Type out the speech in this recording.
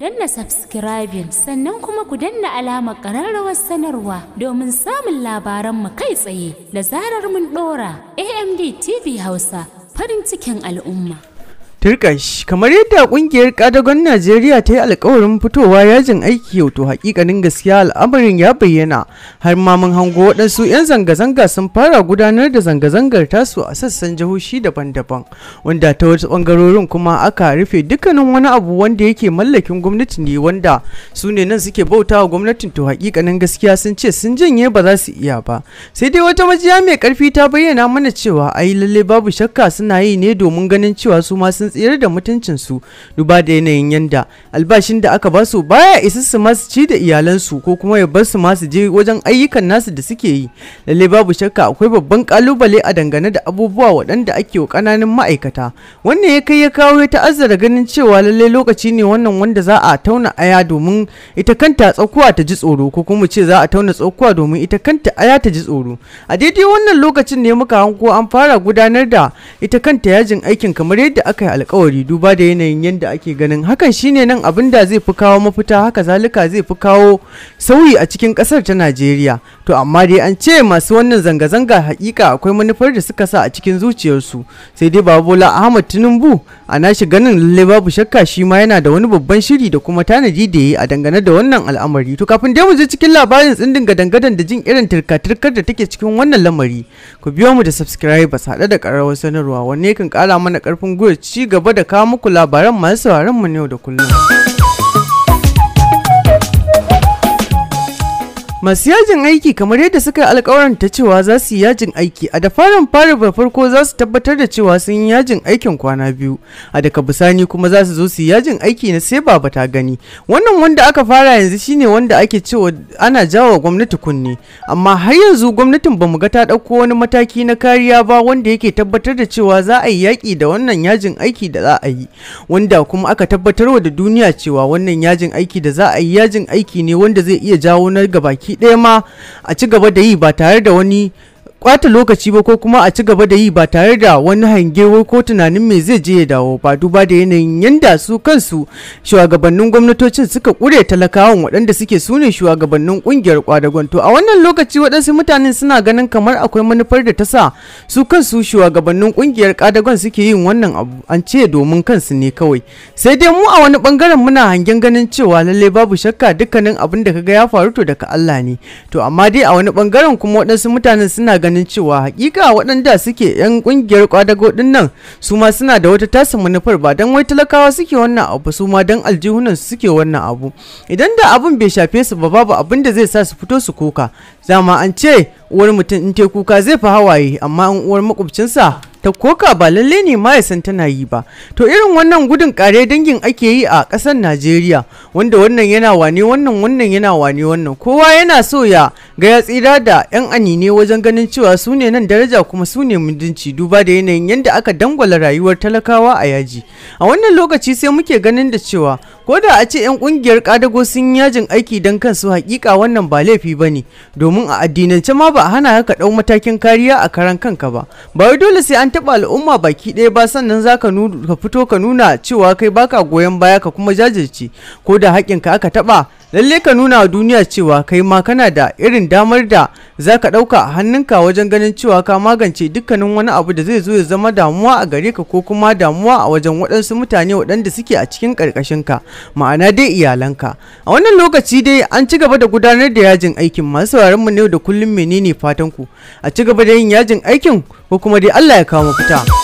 danna subscribing sannan kuma ku danna alamar ƙararrawar sanarwa domin samun labaranmu kai tsaye da zarar mun ɗora amd tv hausa farin cikin al'umma turkash kamar yadda kungiyar kadagon najeriya ta yi alkawarin fitowa yajin aiki yau to hakikanin gaskiya al'amarin ya bayyana har ma mun hango waɗansu 'yan zanga-zanga sun fara gudanar da zanga-zangar tasu a sassan jihohi daban-daban wanda ta wasu bangarorin kuma aka rufe dukkanin wani abu wanda yake mallakin gwamnati ne wanda su ne nan suke bauta wa gwamnatin to hakikanin gaskiya sun ce sun janye ba za su iya ba sai dai wata majiya mai karfi ta bayyana mana cewa ai lalle babu shakka suna yi ne domin ganin cewa su ma sun tsira da mutuncinsu duba da yanayin yanda albashin da aka basu baya isa su masu ci da iyalansu ko kuma ya bar su masu je wajen ayyukan nasu da suke yi lalle babu shakka akwai babban kalubale a dangane da abubuwa waɗanda ake wa ƙananan ma'aikata wannan ya kai ya kawo ya ta'azzara ganin cewa lalle lokaci ne wannan wanda za a tauna aya domin ita kanta tsakuwa ta ji tsoro ko kuma ce za a tauna tsakuwa domin ita kanta aya ta ji tsoro a daidai wannan lokacin ne muka hanko an fara gudanar da ita kanta yajin aikin kamar yadda aka yi alkawari duba da yanayin yadda ake ganin hakan shine nan abin da zai fi kawo mafita haka zalika zai fi kawo sauyi a cikin kasar ta najeriya to amma dai an ce masu wannan zanga-zanga hakika akwai manufar da suka sa a cikin zuciyarsu sai dai babu babola ahmad tinubu a nashi ganin lalle babu shakka shi ma yana da wani babban shiri da kuma tanadi da yi a dangane da wannan al'amari to kafin dai mu je cikin labarin tsindin gadangadan da jin irin turka-turkar da take cikin wannan lamari ku biyo mu da subscribers haɗe da ƙararrawar sanarwa wanne kan ƙara mana ƙarfin gwiwa ci gaba da kawo muku labaran masu sauraron mu yau da kullum masu yajin aiki kamar yadda suka yi alkawaranta cewa za su yi yajin aiki a da farin fara farko za su tabbatar da cewa sun yi yajin aikin kwana biyu a daga bisani kuma za su zo su yi yajin aiki na sai ba ta gani wannan wanda aka fara yanzu shine wanda ake cewa ana jawo gwamnati kunne amma har yanzu gwamnatin bamu ga ta ɗauko wani mataki na kariya ba wanda yake tabbatar da cewa za a yi yaƙi da wannan yajin aiki da za a yi wanda kuma aka tabbatarwa da duniya cewa wannan yajin aiki da za a yi yajin aiki ne wanda zai iya jawo na gabaki baki ɗaya ma a ci gaba da yi ba tare da wani ɓata lokaci ba ko kuma a ci gaba da yi ba tare da wani hangewa ko tunanin me zai je ya dawo ba duba da yanayin yanda su kansu shugabannin gwamnatocin suka kure talakawan waɗanda suke sune shugabannin ƙungiyar kwadagon to a wannan lokaci waɗansu mutanen suna ganin kamar akwai manufar da ta sa su kansu shugabannin ƙungiyar kwadagon suke yin wannan abu an ce domin kansu ne kawai sai dai mu a wani bangaren muna hangen ganin cewa lallai babu shakka dukkanin abin da kaga ya faru to daga Allah ne to amma dai a wani bangaren kuma waɗansu mutanen suna ganin ganin cewa hakika waɗanda suke 'yan ƙungiyar kwadago din nan su ma suna da wata tasa manufar ba don wai talakawa suke wannan abu su ma don aljihunan suke wannan abu idan da abin bai shafe su ba babu abin da zai sa su fito su kuka zama an ce uwar mutum in te kuka zai fi hawaye amma in uwar makwabcinsa ta koka ba lalle ne ma ya san tana yi ba to irin wannan gudun kare dangin ake yi a ƙasar najeriya wanda wannan yana wane wannan wannan yana wane wannan kowa yana so ya ga ya tsira da 'yan anine wajen ganin cewa su ne nan daraja kuma su ne mundunci duba da yanayin yadda aka dangwala rayuwar talakawa a yaji a wannan lokaci sai muke ganin da cewa ko da a ce 'yan kungiyar kadago sun yajin aiki don kansu hakika wannan ba laifi ba ne domin a addinance ma ba a hana haka ɗau matakin kariya a karan kanka ba ba wai dole sai an taɓa al'umma baki ɗaya ba sannan za ka fito ka nuna cewa kai baka goyon baya ka kuma jajirce ko da haƙƙinka aka taɓa lalle ka nuna wa duniya cewa kai ma kana da irin damar da za ka ɗauka a hannunka wajen ganin cewa ka magance dukkanin wani abu da zai zo ya zama damuwa a gare ka ko kuma damuwa a wajen waɗansu mutane waɗanda suke a cikin ƙarƙashinka ma'ana dai iyalanka a wannan lokaci dai an ci gaba da gudanar da yajin aikin masu sauraron mu ne da kullum menene fatan ku a ci gaba da yin yajin aikin ko kuma dai Allah ya kawo mafita.